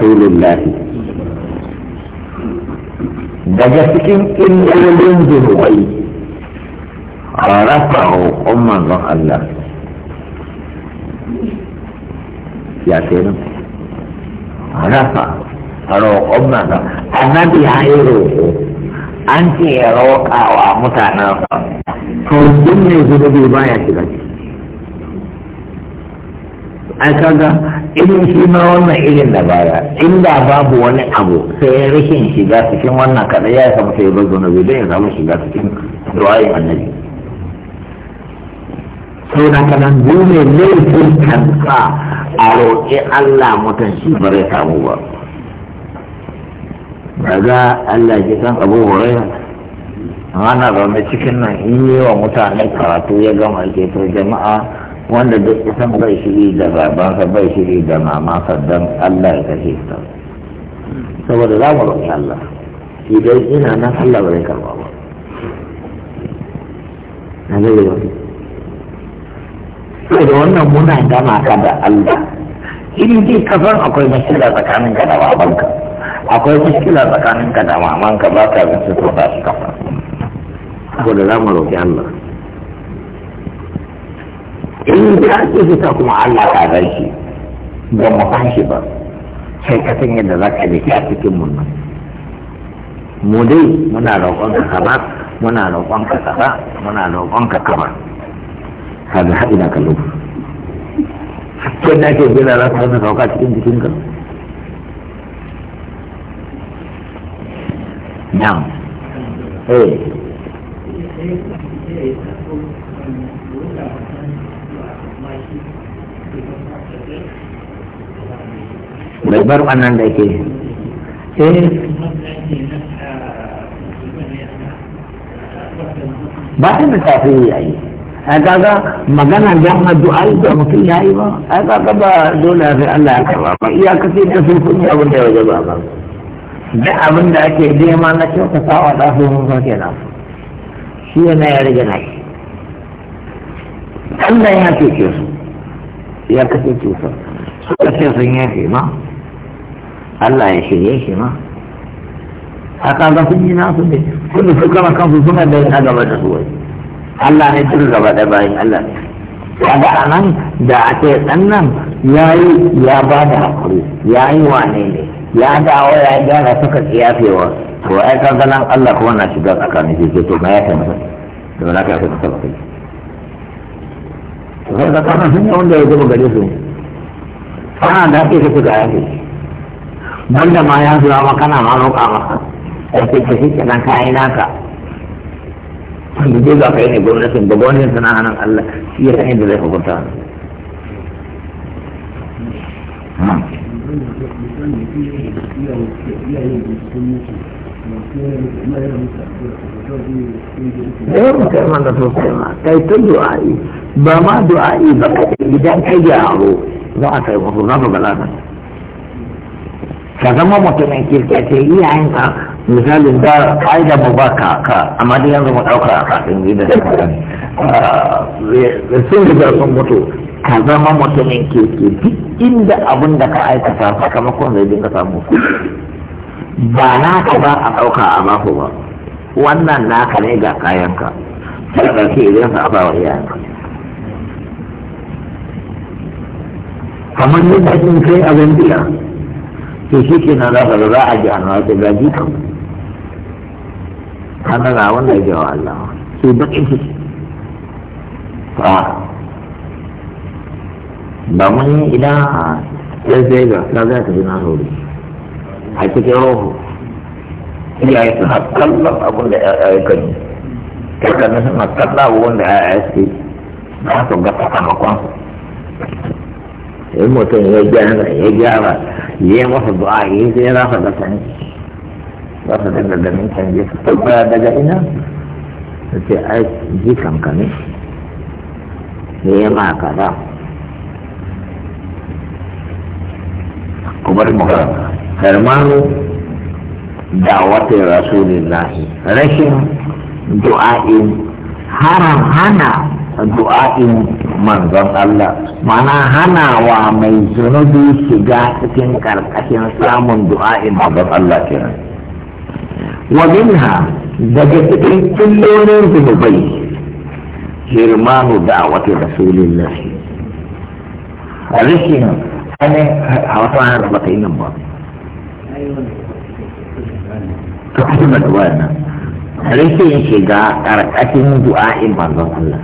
رسول الله دجتكين إلا ينزل وي رفعوا أم الله الله يا سيدنا رفع رو أم الله النبي عائله أنت روكا ومتانا فالجنة يزيد بي بايا كذلك أكذا irin shi ma wannan irin da baya inda babu wani abu sai rashin shiga cikin wannan kaɗai ya samu sai bazo na zai ya samu shiga cikin ruwayin annabi sai na kanan dole laifin kansa a roƙi Allah mutan shi ba zai samu ba daga Allah ya san abu hore ana zaune cikin nan in yi wa mutane karatu ya gama ke to jama'a wanda duk isan bai shiri da babansa bai shiri da mamansa don Allah ya kashe ta saboda za mu roƙi Allah idan ina nan Allah bai karɓa ba na zai yi da wannan muna gama ka da Allah in dai ka akwai mashila tsakanin ka da babanka akwai mashila tsakanin ka da mamanka ba ka zai su ba su kafa saboda za mu roƙi Allah in da ake fita kuma Allah ka gan shi ba mu san shi ba sai ka san yadda za ka dake a cikin mun nan mu dai muna roƙon ka kaza muna roƙon ka kaza muna roƙon ka kaza kaga haɗi na kallo hakken da ke gina za ka sauka cikin jikin ka Now, hey. Eh. mai bar wannan da ke eh. ba ta da tafi ya yi a kaga magana da addu'ai da mutum ya yi ba a kaga ba dole sai Allah ya karba ba iya kace da sun kun abin da ya waje ba ba da abin da ake nema na kyauta sawa da su mun kake na shi yana ya rage na shi Allah ya ce ke su ya kace ke su suka ce sun yi ma Allah ya shirye shi ma haka ga sun yi nasu ne kun su kama kansu suna da yin gaba da suwai Allah ne duk gaba da bayan Allah ne kaga a nan da a ce dan nan ya yi ya ba da hakuri ya yi wane ne ya dawo ya gyara suka tsiyafewa to ai kaga nan Allah kuma na shiga tsakanin shi ke to ma ya kamata da ba za ka yi kuma saba kai to sai ka kana sun yi wanda ya zuba gare su ana da ake su ga yafe banda ma ya zuwa ma kana ma roƙa ma ya ce ka shi nan ka yi naka da zai za ka yi ne gwamnatin ba gwamnatin suna hannun Allah shi ya sanya da zai hukunta wani. Yawan kai man da sosai ma, kai ta du'a'i, ba ma du'a'i ba kai idan kai yaro za a kai musu za su balaga. ka zama mai kirki ce iyayen ka misalin da ai da ba ka ka amma dai yanzu mu dauka a kafin gidan da ka ah, eh, sun da sun mutu ka zama mutumin kirki duk inda abin da ka aikata sakamakon zai dinga samu ba na ka ba a dauka a mako ba wannan naka ne ga kayanka sai da ke idan ka ba wa ka kamar yadda in kai abin biya to shi ke nan za ka za a ji an wata ta gaji kan hannun na wanda ya jawa Allah su bakin ciki ba ba mun yi idan a yanzu ga ta za ta fi na sauri a cikin roho iyaye suna kallon abin da ya kan yi kakkanin suna kallon abin da ya yi suke na su ga su in mutum ya gyara ya gyara ya masa du'a ya yi za ka da sani za su daga ganin canji ka tabbara daga ina su ce ai ji kankani ya yi ma kaza kuma mu hermano da wata rasulillahi rashin du'a'in haram hana du'a'in manzon Allah mana hana wa mai zunubi shiga cikin karkashin samun du'a'i manzon Allah kenan wa minha daga cikin kullonin zunubai hirmanu da'awati rasulillah rashin ne hausa na da baka yi nan ba ta kusa da bayan nan rikin shiga karkashin du'a'i manzon Allah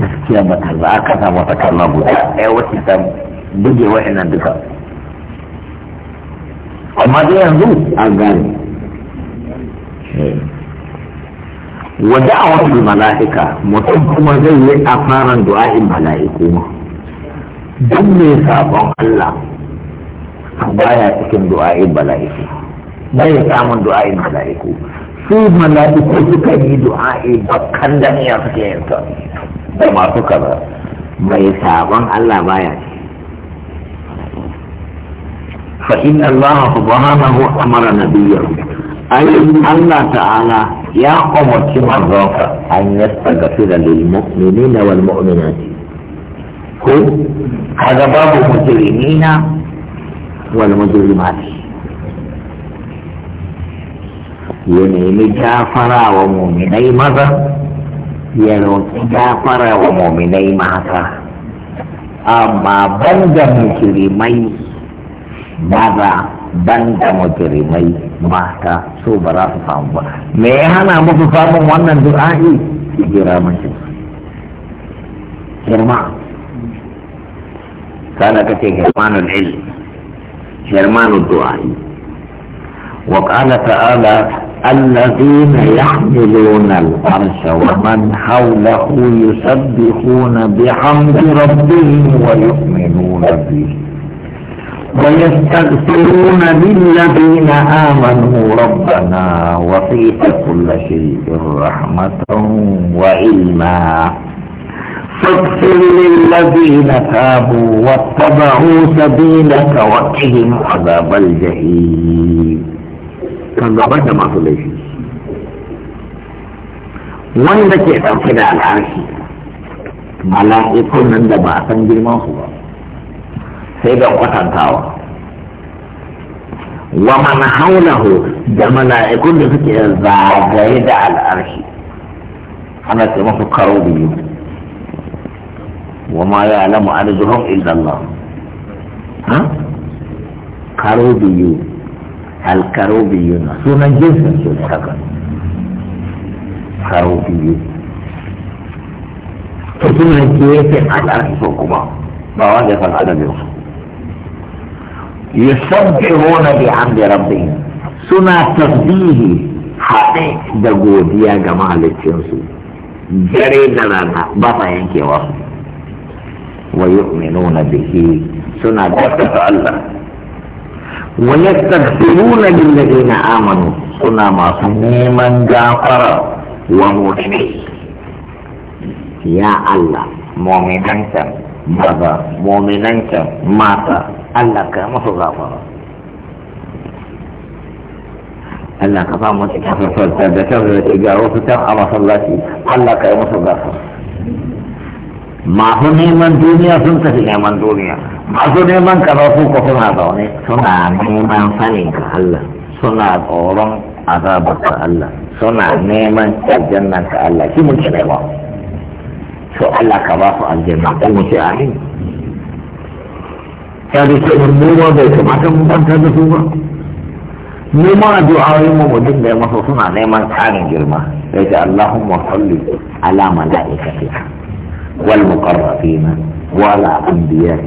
gaskiya ba ta za ka samu wata kalma guda ɗaya wacce ta buge wa'annan duka amma dai yanzu an gane a da'awatul mala'ika mutum kuma zai yi a faran du'a'in mala'iku duk mai sabon Allah baya cikin du'a'in mala'iku bai samun du'a'in mala'iku su mala'iku suka yi du'a'i bakkan da ya suke yin sa da masu kaza mai sabon Allah baya ce fa inna Allah subhanahu amara nabiyyahu ay Allah ta'ala ya umarci manzonsa an yastaghfira lil mu'minina wal mu'minat ko kaga babu mujrimina wal mujrimat ya nemi gafara wa mu'minai maza ya gafara wa muminai mata amma ban da ba za ban da mujirimai mata so ba za su samu ba me ya hana musu samun wannan du'a'i jira mace girma kana ka ce girmanu ne girmanu du'a'i wa qala ta'ala الذين يحملون العرش ومن حوله يسبحون بحمد ربهم ويؤمنون به ويستغفرون للذين آمنوا ربنا وفيك كل شيء رحمة وعلما فاغفر للذين تابوا واتبعوا سبيلك وقهم عذاب الجحيم kan gabar da masu laifi wanda ke ɗauke da al'arshi mala'ikun nan da ba a san girman su ba sai da kwatantawa wa man haulahu da mala'ikun da suke zagaye da al'arshi ana ce masu karo biyu wa ma ya alamu arjuhum illa Allah karo biyu alkarobiyuna sunan jinsin su ne haka karobiyu to sunan gefen al'arfi ko kuma ba wanda ya san adabin su yusabbihuna bi hamdi rabbi suna tasbihi haɗe da godiya ga su. dare da rana ba sa yankewa wa yu'minuna bihi suna dafa Allah ويستغفرون للذين آمنوا سنة ما سنيما جافر ومؤمنين يا الله مؤمنان كم ماذا مؤمنان كم ماذا الله كم غفر الله كفى متكفى فرسا بكفى تجاوه فتر على صلاتي الله كم غفر ما هو نيمان دنيا سنتهي نيمان دنيا masu neman karatu ko suna zaune suna neman sanin ka Allah suna tsoron azabar ka Allah suna neman aljannan ka Allah shi muke nema so Allah ka ba su aljanna ko mu ce amin ya da ce mu ma bai kamata mu banta da su ba mu ma du'a'in mu mu dinga masa suna neman tsarin girma sai ce Allahumma salli ala malaikatika wal muqarrabina وعلى أنبيائك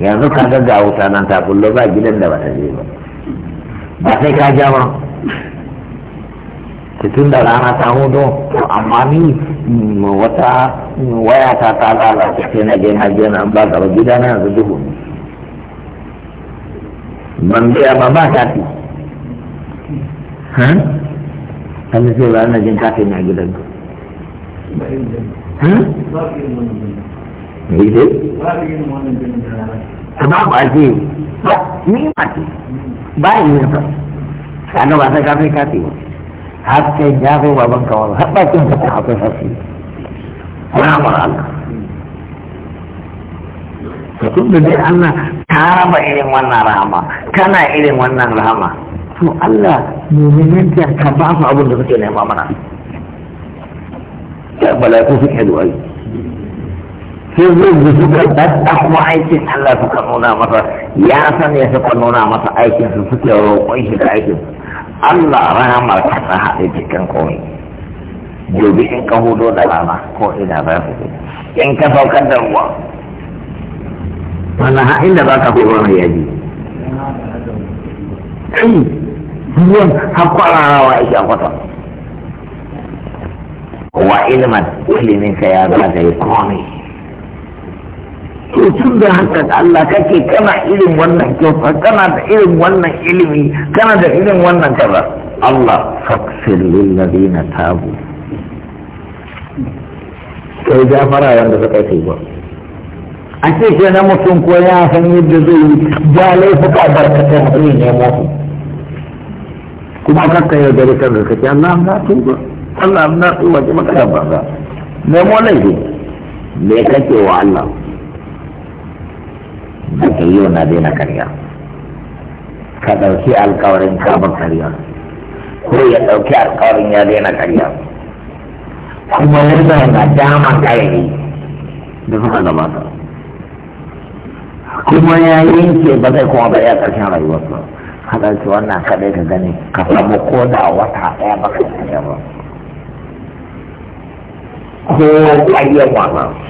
yanzu ka ga ga wuta nan ta kullo ba gidan da ba ta je ba ba sai ka ja ba tun da rana ta hudu amma ni mm, wata mm, waya ta ta lalace sai na je na je na ba gaba gida na yanzu duhu ne ban biya ba ba ta fi ha kan sai ba na jin kafin na gidan ha ne dai ba ba ji ni ce ba yi ne ba kana ba sai ka kai har sai ya ba baban ka wani har bakin ba ta hafi na mara Allah to da dai Allah ta raba irin wannan rahama kana irin wannan rahama to Allah mu'minin ka ba su abin da suke nema mana ya bala ko suke sai zai ji suka dadda kuma aikin Allah suka nuna masa ya san ya suka nuna masa aikin su suke roƙon shi da aikin Allah rana ka ta haɗe cikin komai gobe in ka hudo da rana ko ina za su ce in ka saukar da ruwa wannan ha inda za ka fi mai ya ji ruwan har kwararawa aiki a kwata wa ilman ilimin ka ya zagaye komai to tun da haka Allah kake kana irin wannan kyauta kana da irin wannan ilimi kana da irin wannan kaza Allah faksir lil ladina tabu kai gafara wanda suka yi ba a ce ke na mutum ko ya san yadda zai yi ja laifuka barkatai a zai nemo su kuma kakka ya gari kan zarkaci Allah na tuba Allah na tuba ki maka da ba nemo laifi me kake wa Allah ake yau na daina karya ka ɗauki alkawarin kamar karya ko ya ɗauki alkawarin ya daina karya kuma yana na dama kayayi da suka gabata kuma ya yanke ba zai kuma ba ya ƙarshen rayuwarsa ka ɗauki wannan kaɗai ka gani ka samu ko da wata ɗaya ba ka karya ba ko ƙaryar ba.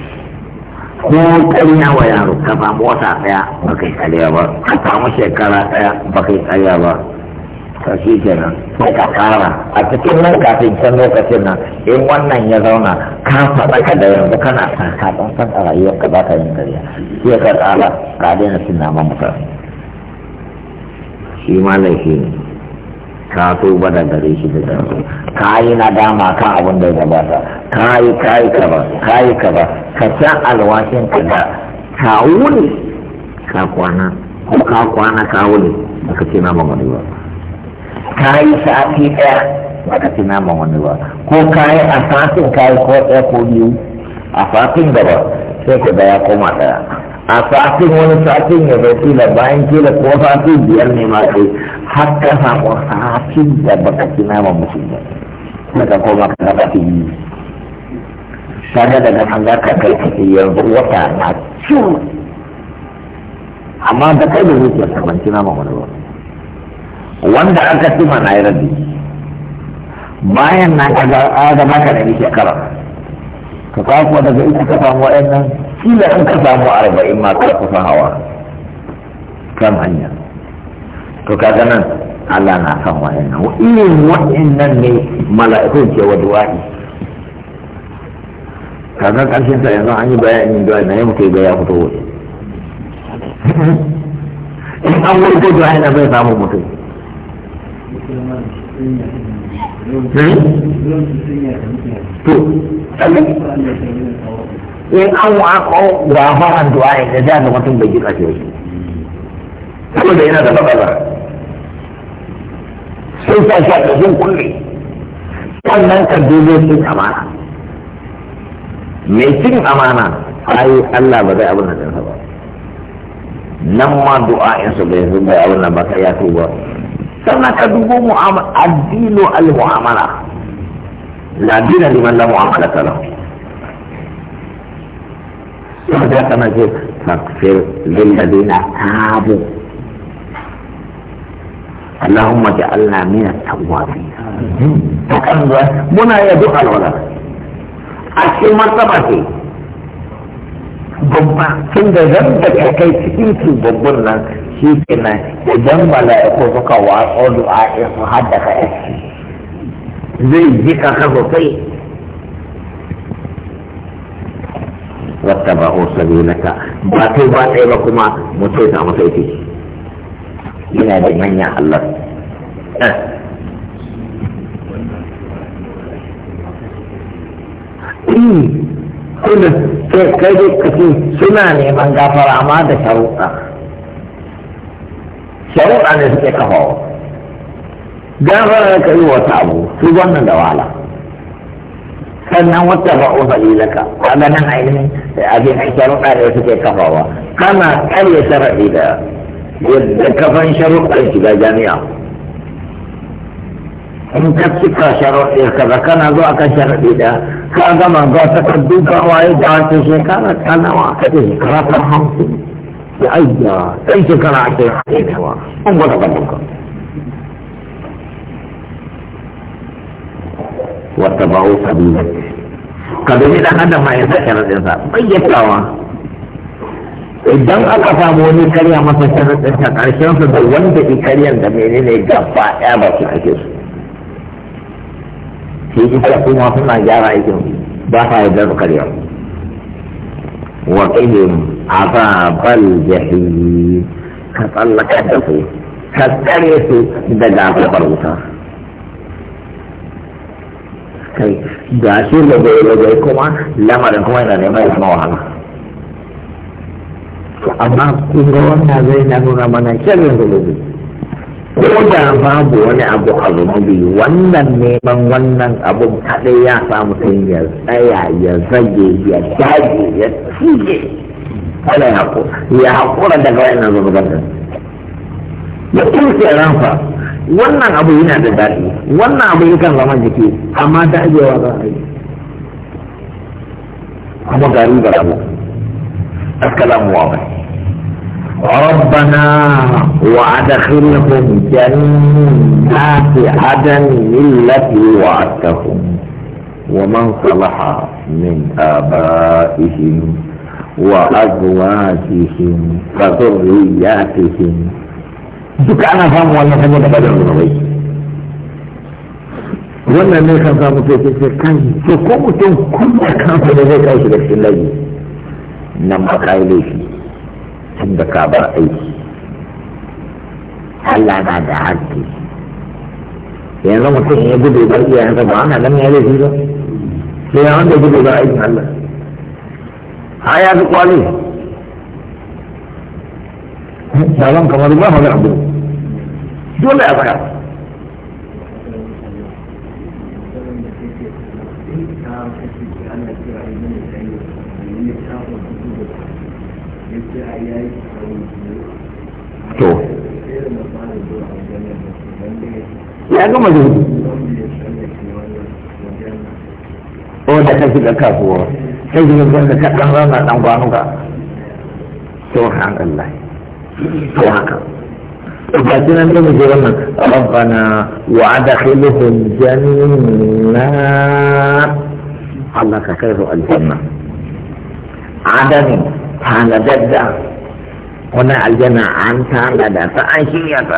ko karya wa yaro ka samu wata ɗaya ba kai ƙarya ba ka samu shekara daya ba kai ƙarya ba ka shi kenan sai ka fara a cikin nan kafin can lokacin nan in wannan ya zauna ka faɗa ka da yanzu kana san ka ɗan san a rayuwar ka za ka yin shi ya ka tsara ka daina suna ma mutane shi ma laifi ne ka tuba da gare shi da zanzu ka yi na dama kan abin da ya gabata ka yi ka yi ba ka yi ka ba, ka sha alwashin ka da ka wuni ka kwana ko ka kwana ka wuni baka ce naman wani ba ka yi sati ɗaya baka ce naman wani ba ko ka yi a satin ka yi ko ɗaya ko biyu a satin gaba sai ka daya ya koma ɗaya a satin wani satin ya zai da bayan kila ko sati biyar ne ma kai har ka samu satin da baka ci nama mutum ba daga koma ka gaba ta yi sada daga nan za ka kai ka yanzu wata na ciwo amma da kai da zuciya ka ban ci nama wani ba wanda aka ci mana ya rabi bayan na ka ga maka da shekara ka kawo daga ita ka samu waɗannan kila in ka samu arba'in ma ka kusa hawa kan hanya to kaga nan Allah na san wayannan irin wayannan ne mala'ikun ke wa du'a'i kaga karshen ta yanzu an yi bayanin du'a na yau kai ga ya fito waje in an wani ko du'a na bai samu mutum hmm? to in an wako ga faran du'a ya ga da mutum bai ji kashe shi saboda yana da matsala Sai sai shi a cikin kulle sannan ka dubo cin amana mai cin amana ai Allah ba zai abin da ba nan ma du'a in su bai zuba abin da ba sai ya tuba sannan ka dubo mu'amala addinu al-mu'amala la dina liman la mu'amala lahu kuma da kana ce fakfir lilladina tabu Allahumma ja'alna min at-tawwabin to kan muna ya alwala a cikin martaba ce babba tun da zan da kai cikin su nan shi kenan idan mala'iku suka watsa du'a haddaka zai jika ka wata ba o ta ba kai ba ɗaya ba kuma mutu ya samu sauki yana da manyan Allah kullum kai dai suna neman gafara amma da sharuɗa sharuɗa ne suke kafawa gafara ka yi wata abu su wannan da wala فانهم اتبعوا دليلك هذا من علم ابي حسن قال يسوع كفروا كما قال يسوع اذا كفر شروع الكتاب جميعا ان تكتب شروع يركب كان ذوك شرع اذا كان ما ذاتك الدوبة وايد عارف ايش كانت انا واحد كرافه حمصي اي اي شكرا عشان wata ba'u sabila ka domin dan adam ma ya sa sharaɗinsa bayyatawa idan aka samu wani karya masa sharaɗinsa su da wanda ke karya da menene gaba ɗaya ba su ake su shi ita kuma suna gyara aikin ba sa yadda su karya wa qihim bal jahim ka tsallaka da su ka tsare su daga azabar wuta kai ga shi lagai-lagai kuma lamarin kuma yana neman ya zama wahala amma kun ga wannan zai na nuna mana kyanin zulubi ko da babu wani abu a zunubi wannan neman wannan abun kaɗai ya samu sai ya tsaya ya zage ya dage ya cije kada ya haƙura daga wannan zunuban da ya ƙirƙirar ranfa wannan abu yana da daɗi wannan abu yakan zama jiki amma da ajewa za a yi kuma gari da wa man alaikum ربنا وأدخلهم جنات عدن التي وعدتهم ومن صلح من آبائهم وأزواجهم وذرياتهم duka ana samu wannan hanyar da ba da bai wannan ne kan samu sai sai sai kan to ko mutum kuma kan da zai kai shi da cikin layi nan ba kai laifi tun da ka bar aiki Allah na da haƙƙi yanzu mutum ya gudu ba iya yanzu ba ana nan ya laifi ba sai ya wanda gudu ba aikin Allah ha ya fi kwale. Daban kamar ba magana abu. dole a faɗa to ya gama zuwa o da ka shiga kasuwa ka shiga gwanda ka ɗan rana ɗan gwanuka to ha'an Allah to haka وبعدين نقول جوانا ربنا وأدخلهم جنات الله كخير الجنة عدن تعالى جدا هنا الجنة عن تعالى فأنشية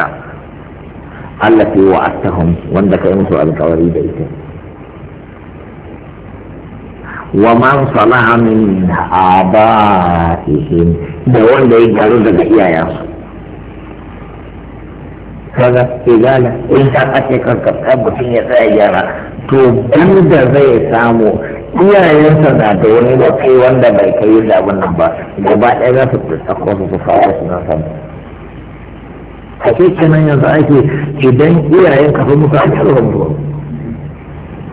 التي وعدتهم وانك يمسوا القواريد إيتهم ومن صلح من آبائهم ده وانده يجعلون لك إياه kaga izala in ta ake kanka mutum ya tsaya gyara to da zai samu iyayensa na da wani lokaci wanda bai kai yin labin nan ba gaba ɗaya za su tsakko su su fara su nan samu a kenan yanzu ake idan iyayen ka sun muka ake rufe mutuwa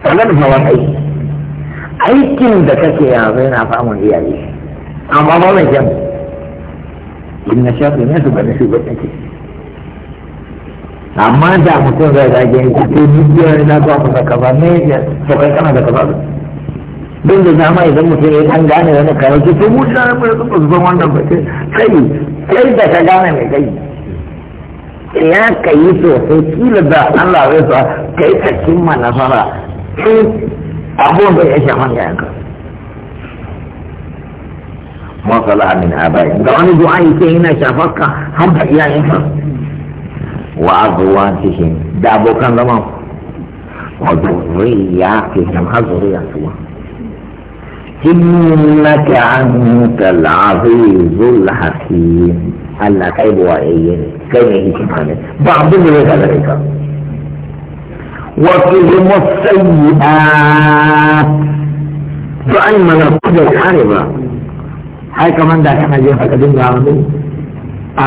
sannan hawan aiki aikin da kake yanzu yana samun iyaye amma ba mai kyan in shafi ne su ba na shugabanci amma da mutum zai zage ya ce miliyoyi na zuwa kusa kaza ne ya to kai kana da kaza don da dama idan mutum ya kan gane wani kawai ce to mutum na mai zuba zuban wannan ba ce kai kai da ka gane mai kai ya kai to sai kila da Allah zai sa kai ka cimma nasara abun da ya shafa ga yanka ma sala min abai ga wani du'a yake yana shafarka har da iyayenka وأزواجهم ده أبو كان زمان وذرياتهم أزرياتهم إنك أنت العزيز الحكيم ألا كيف وعيين كيف يجمعني بعضهم ليس ذلك وكلهم السيئات فأيمن القدر الحاربة هاي كمان ده كان جيفك دين آمين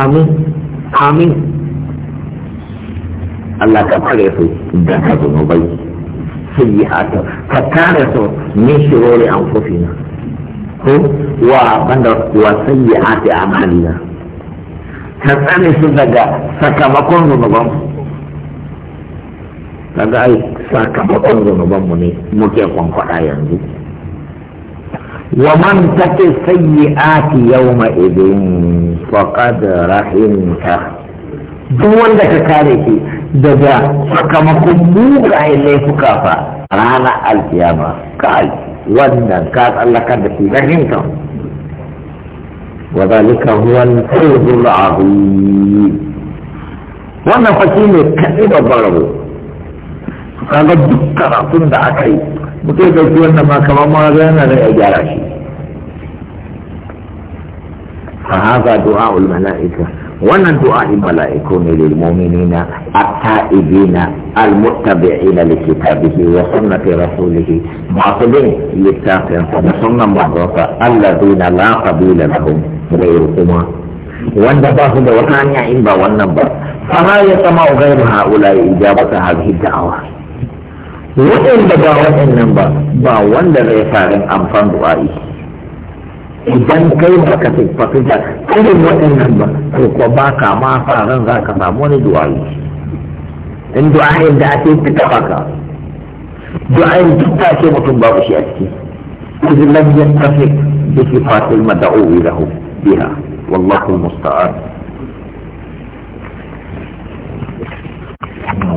آمين آمين Allah ka kare su daga zunubai sayyi'ata ka tare su min shirori an kufi na. ko wa banda wa sayyi'ati a'malina ka tsare su daga sakamakon zunuban kaga ai sakamakon zunuban mu ne muke kwankwada yanzu ومن تك السيئات يومئذ فقد رحمته duk wanda ka kare shi daga sakamakon mugayen laifuka fa rana alkiyama kai wannan ka tsallaka da shi ganin kan Wadalika هو الفوز العظيم wannan fa shi ne kaɗi babban rabo kaga duk karatun da aka yi mutum da shi wannan makama kamar ma yana da ya gyara shi fa haza du'a ul mala'ika wannan du'a in mala'iku ne lil mu'minina at-ta'ibina al-muttabi'ina li kitabihi wa sunnati rasulih masu bin littafin sa da sunnan manzonsa alladhina la qabila lahum ghayruhuma wanda ba su da wata hanya in ba wannan ba fama ya sama ghayru haula ya ijabata hadhihi da'awa wa'in da ba wa'in nan ba ba wanda zai farin amfan du'a'i idan kai ba ka tafi da irin waɗannan ba to ko ba ka ma faran za ka samu wani du'a'i in du'a'in da ake fita ka du'a'in duk ta ce mutum babu shi a ciki إذ لم يتفق بصفات المدعو له بها والله musta'an